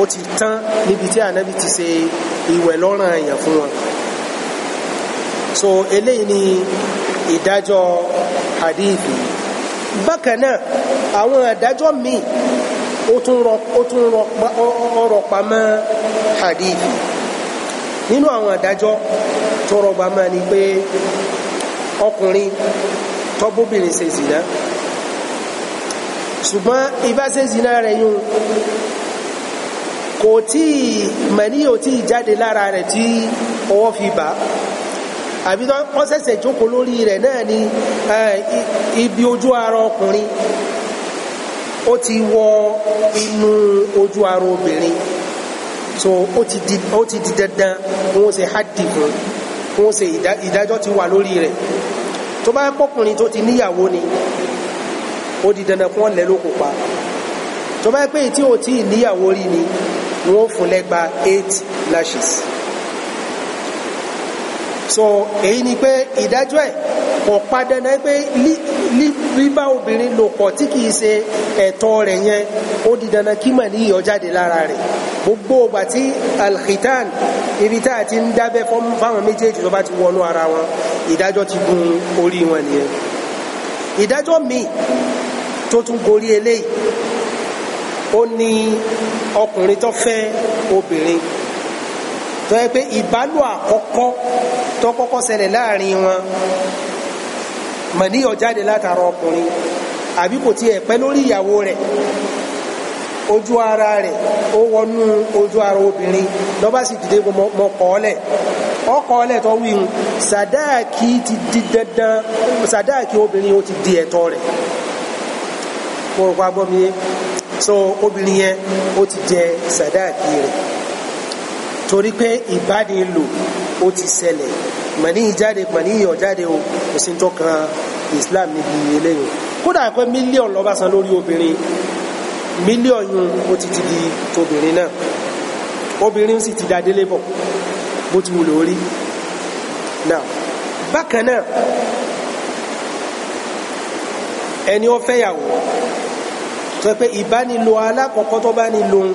A: ó ti tán níbi tí ànábì ti ṣe ìwẹ̀ lọ́ràn èèyàn fún wọn so eléyìí ni ìdájọ́ hadithi bákan náà àwọn ìdájọ́ míì ó tún rọ ó tún rọ ọ̀rọ̀ pamọ́ hadithi nínú àwọn ìdájọ́ tó rọgbà máa ni pé ọkùnrin tọ́bóbìnrin ṣe zìnà ṣùgbọ́n ìbáṣe zina rẹ̀ yún kò tí mẹ́ni ò tí jáde lára rẹ̀ tí ọwọ́ fi bà àbí wọ́n ṣẹ̀ṣẹ̀ jókòó lórí rẹ̀ náà ni ibi ojú ara ọkùnrin ó ti wọ inú ojú ara obìnrin so ó ti di ó ti di dandan wọ́n ṣe hádì fún wọ́n ṣe ìdájọ́ ti wà lórí rẹ̀ tó bá pọ́kùnrin tó ti níyàwó ni ó di dandan kí wọ́n lẹ́ lóko pa tó bá pé tí ò tí ì níyàwó rí ni wọ́n fún lẹ́gba eight lashes so èyí ni pé ìdájọ́ ẹ̀ kò pa dandan pé bíbá obìnrin lò pọ̀ tí kìí ṣe ẹ̀tọ́ rẹ̀ yẹn ó di dandan kí mà ní ìyọ jáde lára rẹ̀ gbogbo ọgbà tí alkhitan ibi tá a ti ń dábẹ́ fáwọn méjèèjì tó bá ti wọnú ara wọn ìdájọ́ ti gun orí wọn nìyẹn ìdájọ́ míì tó tún gorí eléyìí ó ní ọkùnrin tó fẹ́ obìnrin tó yẹ pé ìbálò àkọ́kọ́ tó kọ́kọ́ ṣẹlẹ̀ láàrin wọn màníyàn jáde látara ọkùnrin àbí kò tiẹ̀ pẹ́ lórí ìyàwó rẹ̀ ojú ara rẹ̀ ó wọnú ojú ara obìnrin lọ́ba sì dìde mọ́ kọ́ọ́lẹ̀ ọkọ̀ọ́lẹ̀ tó wíhun sàdáàkì ti di dandan sàdáàkì obìnrin ó ti di ẹ̀tọ́ rẹ̀ mo rò pa gbọ́mi yé so obìnrin yẹn ó ti jẹ sàdáàkì rẹ̀ torí pé ìbáde lò ó ti ṣẹlẹ̀ màní ìjáde màní ìyọ̀jáde o kò sí tọ́kan Islam níbi eléyìí kódà pé mílíọ̀nù lọ́ba san lórí obìnrin mílíọ̀nù ó ti ti di tobìnrin náà obìnrin sì ti da délé bó ti wù lórí náà bákan náà ẹni ó fẹ́yàwó sọ pé ìbánilò alákọ̀ọ́kọ́ tó bá ní lòun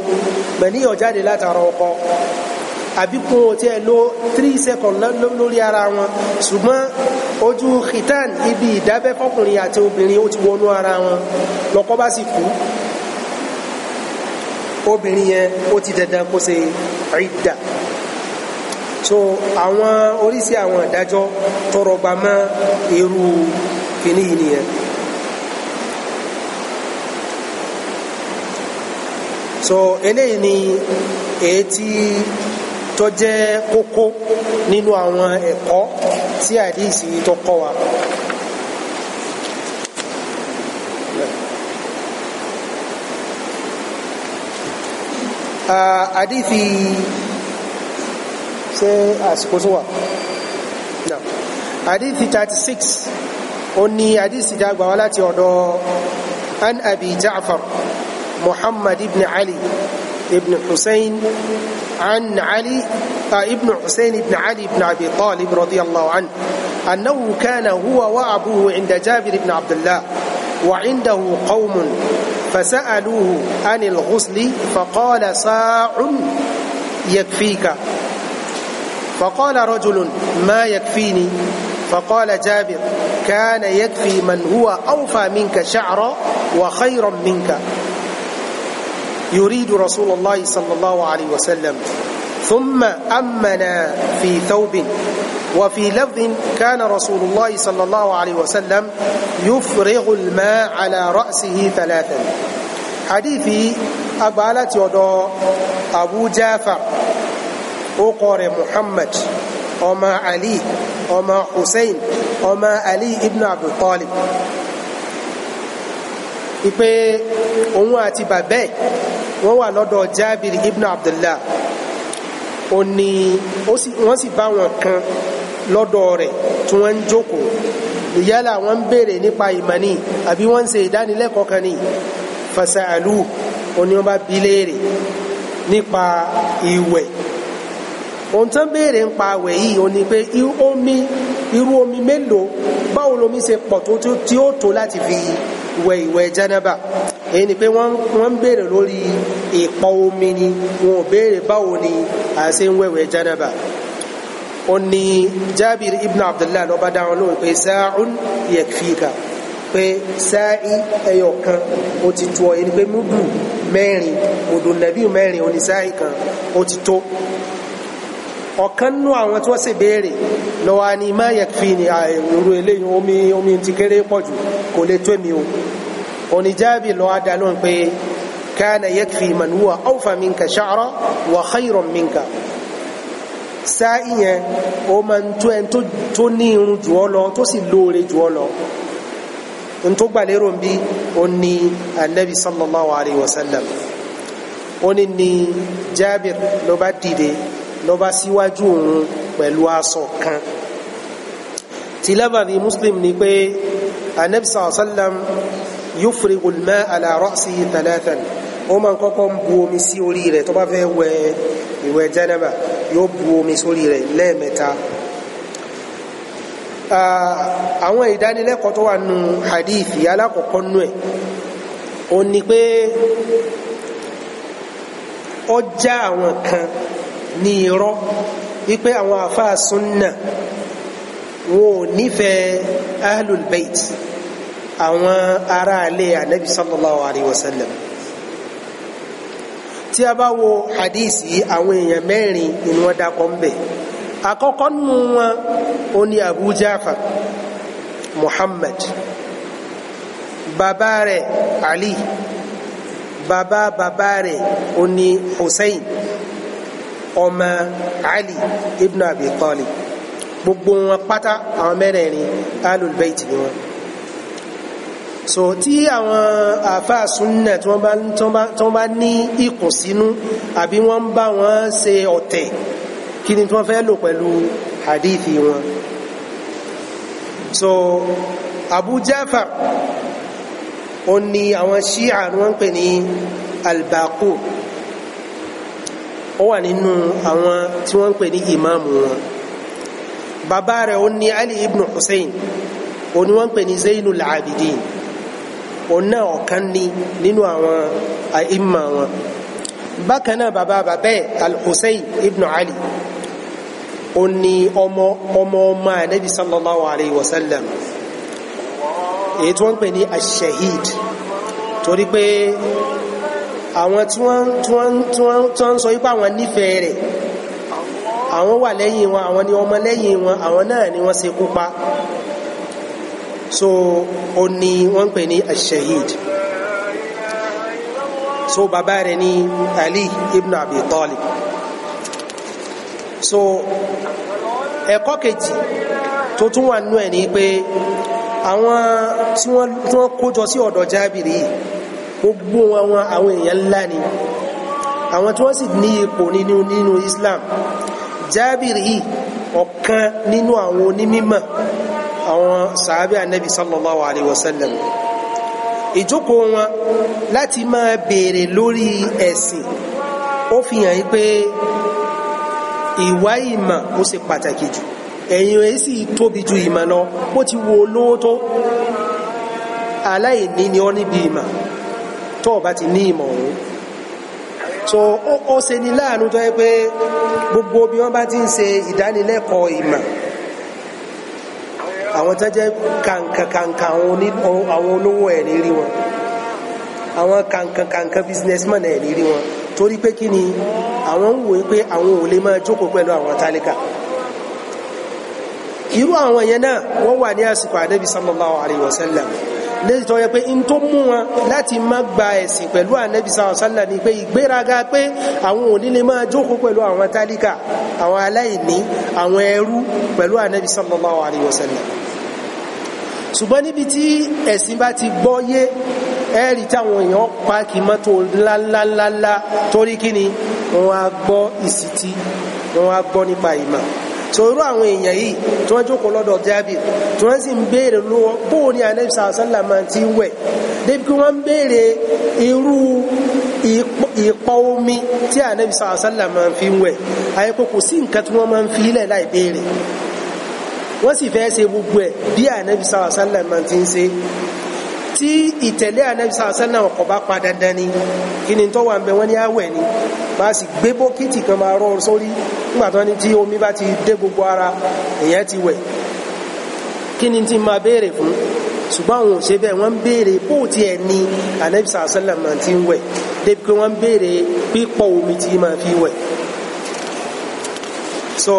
A: pẹ̀lú ìyọ̀jáde látara ọkọ àbí kún o tiẹ̀ lo three seconds lórí ara wọn ṣùgbọ́n ojú khitan ibi ìdábẹ́ fọkùnrin àti obìnrin ó ti wọnú ara wọn lọ́kọ bá sì kú obìnrin yẹn ó ti dandan kó ṣe ìdà so àwọn oríṣi àwọn ìdájọ́ tọrọ gbàmọ́ irú kìnìyàn so eléyìí ni èyí tí tó jẹ́ kókó nínú àwọn ẹ̀kọ́ tí àdìsí tó kọ́ wa. àdìsí ṣe àsìkò tó wà àdìsí 36 ó ní àdìsí dàgbà wá láti ọ̀dọ̀ an ja'far. محمد بن علي بن حسين عن علي آه، ابن حسين بن علي بن أبي طالب رضي الله عنه أنه كان هو وأبوه عند جابر بن عبد الله وعنده قوم فسألوه عن الغسل فقال ساع يكفيك فقال رجل ما يكفيني فقال جابر كان يكفي من هو أوفى منك شعرا وخيرا منك يريد رسول الله صلى الله عليه وسلم ثم أمنا في ثوب وفي لفظ كان رسول الله صلى الله عليه وسلم يفرغ الماء على رأسه ثلاثا حديث أبالت يدو أبو جافر أقر محمد وما علي وما حسين وما علي ابن عبد الطالب ipe òun àti bàbẹ́ wọ́n wà lọ́dọ̀ Jabir ibn Abdullah ó ní wọ́n sì bá wọn kan lọ́dọ̀ rẹ̀ tí wọ́n ń jókòó yálà wọ́n ń béèrè nípa ìmọ̀ni àbí wọ́n ń ṣe ìdánilẹ́kọ̀ọ́ kan ní fasalu ó ní wọ́n bá bi léèrè nípa ìwẹ̀ ohun tán béèrè nípa àwẹ̀ yìí ó ní pé omi irú omi mélòó báwo lomi ṣe pọ̀ tó tí ó tó láti fi yìí wẹ ìwẹ̀ jánábà èyí ni pé wọ́n ń béèrè lórí ìpọ omi ni wọn ò béèrè báwo ni a ṣe ń wẹ̀wẹ̀ jánábà ó ní Jábìr ibn Abdullah ló bá dáhùn lóhùn pé sáàún yẹkfíkà pé sáàí ẹyọ kan ó ti tó ọ èyí ni pé múdù mẹ́rin òdò mẹ́rin ó ní sáàí kan ó ti tó ọ̀kan nú àwọn tí wọ́n sì béèrè lọ́wọ́ ni má yẹ̀kfì ni àìrò eléyìn omi omi ti kéré pọ̀jù kò lè tó mi o oníjábì lọ́wọ́ dá lóhùn pé kana yẹ̀kfì man huwa awfa minka sha'ra wa khayran minka sáì yẹn ó máa ń tó ẹni tó ní irun jù lọ tó sì lóore jù lọ n tó gbà lérò bí ó ní anabi sallallahu alayhi wa sallam ní ní Jábìr ló bá dìde ló bá síwájú òun pẹ̀lú aṣọ kan ti lábàbí muslim ni pé anabi sallam yufrigu al-ma'a ala ra'sihi thalathan ó máa ń kọ́kọ́ ń bu omi sí orí rẹ̀ tó bá fẹ́ wẹ ìwẹ̀ janaba yóò bu omi sórí rẹ̀ lẹ́ẹ̀mẹ́ta àwọn ìdánilẹ́kọ̀ọ́ tó wà nù hadith alákọ̀ọ́kọ́ nù ẹ̀ ó ní pé ó àwọn kan ní irọ́ wípé àwọn àfáà súnnà wọn ò nífẹ̀ẹ́ ahlul bait àwọn ará ilé ànábì sallallahu alayhi wa sallam tí a bá wo hadisi àwọn èèyàn mẹ́rin ni wọ́n dákọ̀ ń bẹ̀ àkọ́kọ́ nù wọn ó ní Abu Muhammad bàbá rẹ̀ Ali bàbá bàbá rẹ̀ ó ní Hussein ọmọ ali ibn abi talib gbogbo wọn pátá àwọn mẹ́rẹ̀ẹ̀rin alul ni wọn so tí àwọn àáfàá súnnà tí wọ́n bá ní ìkùnsínú àbí wọ́n ń bá wọn ṣe ọ̀tẹ̀ kí ni tí wọ́n fẹ́ lò pẹ̀lú hadithi wọn so abu jafar ó ní àwọn shia ni wọ́n pè ní albaqo ó wà nínú àwọn tí wọ́n ń pè ní ìmáàmù wọn bàbá rẹ̀ ó ní ali ibn hussein ó ní wọ́n ń pè ní zainul abidin ó náà ọ̀kan ní nínú àwọn àìmà wọn bákan náà bàbá bàbá ẹ̀ al-hussein ali ó ní ọmọ ọmọ ọmọ anabi sallallahu alayhi wa sallam èyí tí wọ́n ń pè ní ashahid torí pé àwọn tí wọ́n tí wọ́n tí wọ́n tí wọ́n sọ wípé àwọn nífẹ̀ẹ́ rẹ̀ àwọn wà lẹ́yìn wọn àwọn ni ọmọ lẹ́yìn wọn àwọn náà ni wọ́n ṣekú pa so ó ní wọ́n ń pè ní ashahid so bàbá rẹ̀ ní Ali ibn Abi Talib so ẹ̀kọ́ kejì tó tún wà nínú ẹ̀ ni pé àwọn tí wọ́n kójọ sí ọ̀dọ̀ Jábìrì yìí gbogbo àwọn àwọn èèyàn ńlá ni àwọn tí wọ́n sì ní ipò nínú nínú Islam Jábìrì yìí ọ̀kan nínú àwọn onímímọ̀ àwọn sàábẹ́ ànábì sallallahu alayhi wa sallam ìjókòó wọn láti máa béèrè lórí ẹ̀sìn ó fi hàn yí pé ìwá ìmọ̀ ó ṣe pàtàkì jù ẹ̀yìn rẹ̀ sì tóbi ju ìmọ̀ lọ bó ti wo olówó tó aláìní ni ó níbi ìmọ̀ tó o bá ti ní ìmọ̀ òun so ó ó ṣe ni láàánú tó yẹ pé gbogbo bí wọ́n bá ti ń ṣe ìdánilẹ́kọ̀ọ́ ìmọ̀ àwọn tó jẹ́ kàǹkàǹkà àwọn olówó ẹ̀ ní rí wọn àwọn kàǹkàǹkà businessman ẹ̀ ní rí wọn torí pé kí ni àwọn ń wòye pé àwọn ò lè máa jókòó pẹ̀lú àwọn tálíkà irú àwọn yẹn náà wọ́n wà ní àsìkò ànábì sallallahu alayhi wa léyìí tó yẹ pé n tó mú wọn láti má gba ẹ̀sìn pẹ̀lú ànábì sàwọn sálà ni pé ìgbéraga pé àwọn ò ní lè máa jókòó pẹ̀lú àwọn tálíkà àwọn aláìní àwọn ẹrú pẹ̀lú ànábì sallallahu alaihi wasallam ṣùgbọ́n níbi tí ẹ̀sìn bá ti gbọ́ yé ẹ̀rí táwọn èèyàn páàkì mọ́tò ńláńláńlá torí kí ni wọ́n á gbọ́ ìsìtí wọ́n á gbọ́ nípa ìmọ̀ so irú àwọn èèyàn yìí tí wọ́n jókòó lọ́dọ̀ jábì tí wọ́n sì ń béèrè lọ́wọ́ bóò ni máa ti wẹ̀ débi wọ́n ń béèrè irú ìpọ̀ omi tí anabi sàásánlá máa fi wẹ̀ àyẹ̀kọ́ kò sí nǹkan tí wọ́n máa ń fi ilẹ̀ láì béèrè wọ́n sì fẹ́ ṣe gbogbo ẹ̀ e tí ìtẹ̀lé ànábì sàásánà ọkọ̀ bá pa dandan ni kí ni tó wà ń bẹ wọ́n ní àwẹ̀ ni bá sì gbé bókítì kan máa rọ sórí nígbà tó tí omi bá ti dé gbogbo ara èèyàn ti wẹ̀ kí ni tí máa béèrè fún ṣùgbọ́n àwọn bẹ́ẹ̀ wọ́n béèrè bó tiẹ̀ ni ànábì sàásánà máa ti wẹ̀ débi pé wọ́n béèrè pípọ̀ omi tí máa fi wẹ̀ so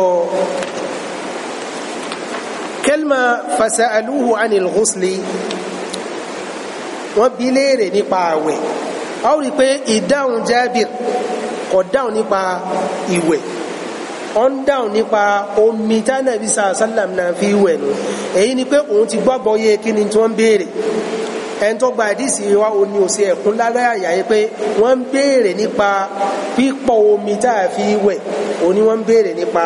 A: kẹ́lìmà fasaluhu anil wọ́n bi léèrè nípa àwẹ̀ a ó rí i pé ìdáhùn Jábìr kò dáhùn nípa ìwẹ̀ ó ń dáhùn nípa omi tánàbí sàásálàm náà fi wẹ̀ nù èyí ni pé òun ti gbọ́gbọ́ yé kí ni tí wọ́n béèrè ẹni tó gba àdìsí wa ó ní òsì ẹ̀kún lára àyà yìí pé wọ́n ń béèrè nípa pípọ̀ omi tá a fi wẹ̀ òní wọ́n béèrè nípa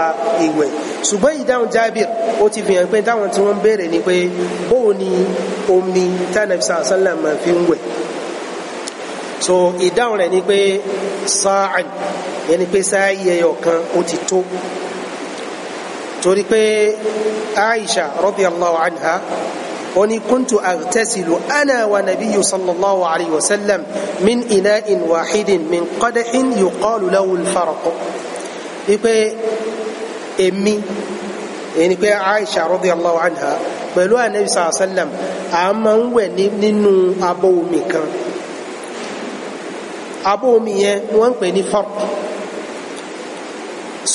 A: ìwẹ̀ ṣùgbọ́n ìdáhùn Jábìr ó ti fi hàn pé táwọn tí wọ́n ń béèrè ni pé bóò ni omi tánàbí sàásánlá máa fi ń wẹ̀ so ìdáhùn rẹ̀ ni pé sáàn yẹn ni pé sáàyí ẹyọ ó ti tó torí pé Aisha radiyallahu anha ó ní kuntu aghtasilu ana wa nabiyyu sallallahu alayhi wa sallam min wahidin min qadhin yuqalu lahu al-faraq wípé èmi èyí ni pé Aisha radiyallahu anha pẹ̀lú anabi sallallahu alayhi wa sallam a máa ń wẹ̀ nínú abọ́ omi kan abọ́ omi yẹn wọ́n ń pè ní farq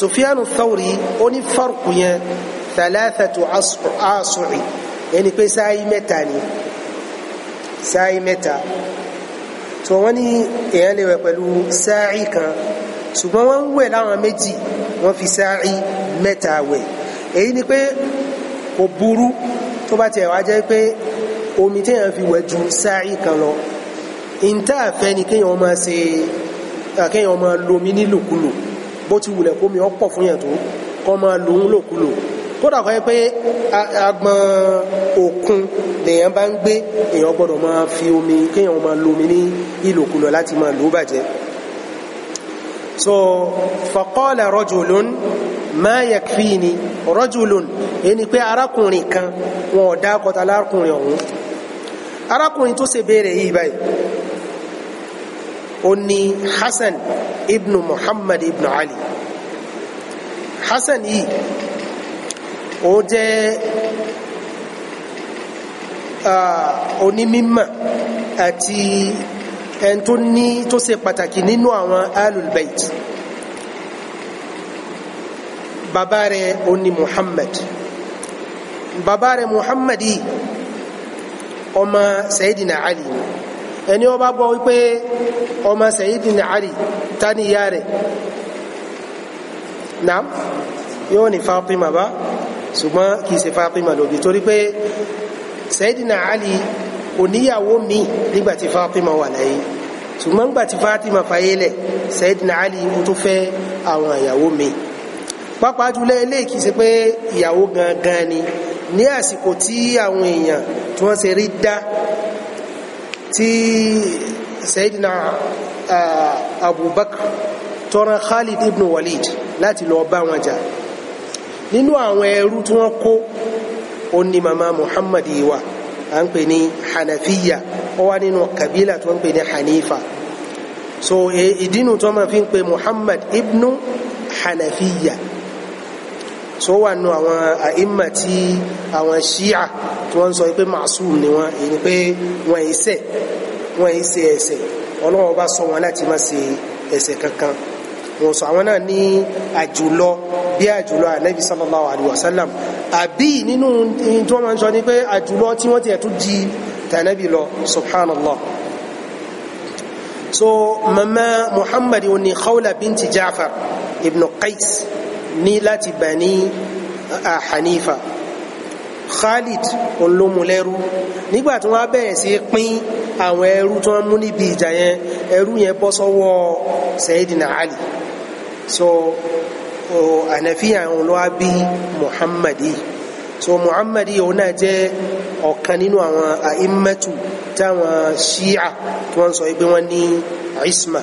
A: Sufyanu Thawri ó ní farq yẹn thalathatu asuri ẹni pé sáyí mẹ́ta ni sáyí mẹ́ta tí wọ́n ní èèyàn lè wẹ̀ pẹ̀lú sáyí kan ṣùgbọ́n wọ́n wẹ̀ láwọn méjì wọ́n fi sáàrí mẹ́ta wẹ̀ èyí ni pé kò burú tó bá tiẹ̀ wá jẹ́ pé omi téèyàn fi wẹ̀ ju sáàrí kan lọ ìntà àfẹ́ ni kéèyàn máa ṣe kéèyàn máa lomi nílòkulò bó ti wulẹ̀ kómi ọ̀pọ̀ fún yàn tó kọ́ máa lò lòkulò kódà kọ́ pé agbọn òkun lèèyàn bá ń gbé èèyàn gbọ́dọ̀ máa fi omi kéèyàn máa lomi ní ìlòkulò láti máa lò bàjẹ́ so faqala rajulun ma yakfini rajulun èyí ni pé arákùnrin kan wọn ò dá kọta arákùnrin ọ̀hún arákùnrin tó ṣe béèrè yìí báyìí ó ní Hasan ibnu Muhammad ibnu Ali Hasan yìí ó jẹ́ ah, onímímọ̀ àti ẹn tó ní tó ṣe pàtàkì nínú àwọn alulbait bàbá rẹ̀ ó ní Muhammad bàbá rẹ̀ Muhammad yìí ọmọ Sayyidina Ali ẹni ó bá gbọ́ wípé ọmọ Sayyidina Ali ta ni ìyá rẹ̀ naam yóò ní Fatima bá ṣùgbọ́n kì í ṣe Fatima lóbi torí pé Sayyidina Ali kò níyàwó mi nígbà tí Fatima wà láyé ṣùgbọ́n nígbà tí Fatima fayélẹ̀ Sayyidina Ali ó tó fẹ́ àwọn ìyàwó mi pápá jùlọ eléyìí kì pé ìyàwó gangan ni ní àsìkò tí àwọn èèyàn tí wọ́n ṣe rí dá tí Sayyidina Abubakar tọrọ Khalid ibn Walid láti lọ bá wọn jà nínú àwọn ẹrú tí wọ́n kó ó ní mama Muhammad yìí à ń pè ní hanafiya ó wá nínú kabila tó ń pè ní hanifa so e, ìdínú tó máa fi ń pè muhammad ibnu hanafiya so wà nù àwọn àìmà tí àwọn shia tí wọ́n sọ pé masum ni wọ́n èyí pé wọ́n ẹ̀ṣẹ̀ wọ́n ẹ̀ṣẹ̀ ẹ̀ṣẹ̀ ọlọ́wọ́ bá sọ wọn láti má ṣe ẹ̀ṣẹ̀ kankan wọn sọ àwọn náà ní àjùlọ bí àjùlọ ànábì sallallahu alayhi wa sallam àbí nínú tí wọ́n máa ń sọ ni pé àjùlọ tí wọ́n ti ẹ̀ di tànábì lọ subhanallah so mama muhammad oní khawla binti jaafar ibn qais ní láti bani hanifa khalid olómulẹ́rú nígbà tí wọ́n bẹ̀rẹ̀ sí pín àwọn ẹrú tí wọ́n mú níbi ìjà yẹn ẹrú yẹn bọ́ sọ́wọ́ sayidina ali so ànàfíà òun ló wá bí muhammadi so muhammadi òun náà jẹ́ ọ̀kan nínú àwọn àìmẹ́tù táwọn ṣíà tí wọ́n sọ pé wọ́n ní isma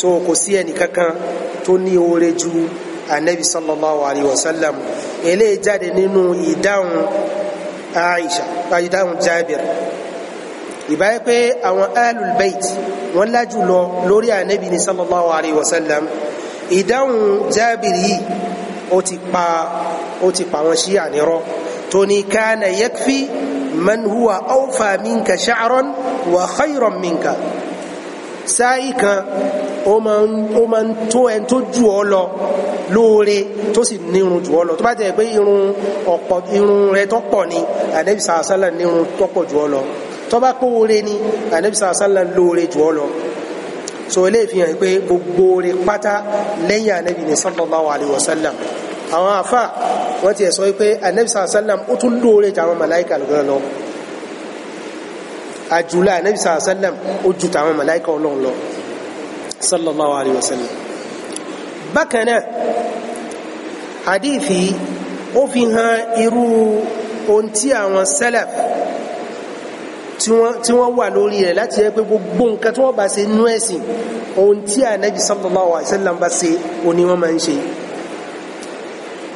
A: so kò sí ẹnìkankan tó ní oore ju anabi sallallahu alayhi wa sallam eléyìí jáde nínú ìdáhùn aisha ìdáhùn jabir ìbáyé pé àwọn ahlul bait wọ́n lájú lọ lórí ànábì ní sallallahu alayhi wa sallam ìdáhùn jábìrì yìí ó ti pa ó ti pa wọn ṣíà nírọ́ tó ní kana yakfi man huwa awfa minka sha'ran wa khayran minka sáàyì kan ó máa ń tó ẹni tó jù ọ lọ lóore tó sì nírun jù ọ lọ tó bá jẹ́ pé irun ọ̀pọ̀ irun rẹ̀ tó ni ànábì sallallahu nírun tó jù ọ lọ tọ́ba pé oore ni ànábì sàásánlá lóore jù ọ lọ so ilé ìfihàn pé gbogbo oore pátá lẹ́yìn ànábì ní sallallahu alayhi wa sallam àwọn afa wọ́n ti ẹ̀ sọ pé ànábì sàásánlá ó tún lóore jù àwọn màláìkà lọ́dọ̀ lọ àjùlọ ànábì sàásánlá ó ju tàwọn màláìkà ọlọ́run lọ sallallahu alayhi wa sallam bákan náà hadithi ó fi hàn irú ohun tí àwọn salaf tí wọ́n wà lórí rẹ̀ láti yẹ pé gbogbo nǹkan tí wọ́n bá ṣe nú ẹ̀sìn ohun tí ànábì sallallahu alaihi wasallam bá ṣe òní wọ́n máa ń ṣe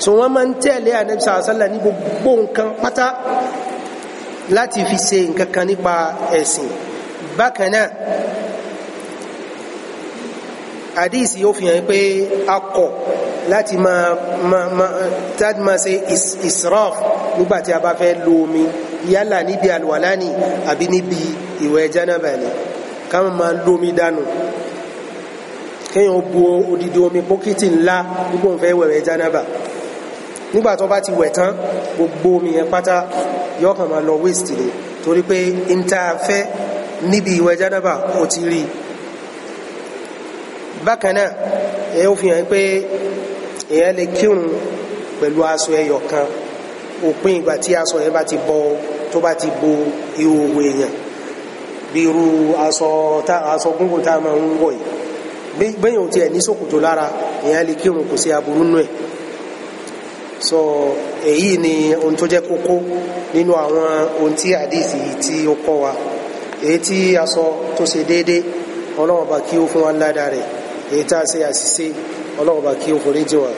A: so wọ́n máa ń tẹ̀lé ànábì sallallahu alaihi wasallam ní gbogbo nǹkan pátá láti fi ṣe nǹkan kan nípa ẹ̀sìn bákan náà àdíìsì ó fi hàn pé a kọ̀ láti máa máa máa ṣe israf nígbà tí a bá fẹ́ lo omi yálà níbi àlùwàlá ni àbí níbi ìwẹ̀ jánábà ni ká máa lómi dànù kéèyàn ó bu odidi omi bókítì ńlá nígbà òun fẹ́ wẹ̀wẹ̀ jánábà nígbà tó bá ti wẹ̀ tán gbogbo omi yẹn pátá yóò kàn máa lọ waste ni torí pé n tá fẹ́ níbi ìwẹ̀ jánábà ó ti rí bákan náà èyí fi hàn pé èyàn lè kírun pẹ̀lú aṣọ ẹyọ kan òpin ìgbà tí aṣọ yẹn bá ti bọ tó bá ti bo ìhòòhò èèyàn bí irú aṣọ tá aṣọ gúngùn tá a máa ń wọ̀ yìí bẹ́yìn ò tiẹ̀ ní ṣòkòtò lára èèyàn lè kírun kò sí aburú nù ẹ̀ so èyí ni ohun tó jẹ́ kókó nínú àwọn ohun tí àdìsí tí ó kọ́ wa èyí tí aṣọ tó ṣe déédéé ọlọ́wọ́n bá kí ó fún wa ládàá rẹ̀ èyí tá a ṣe àṣìṣe ọlọ́wọ́n bá kí ó forí jìn wá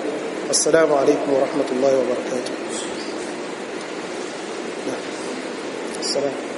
A: assalamu alaikum wa rahmatullahi wa barakatuh والسلام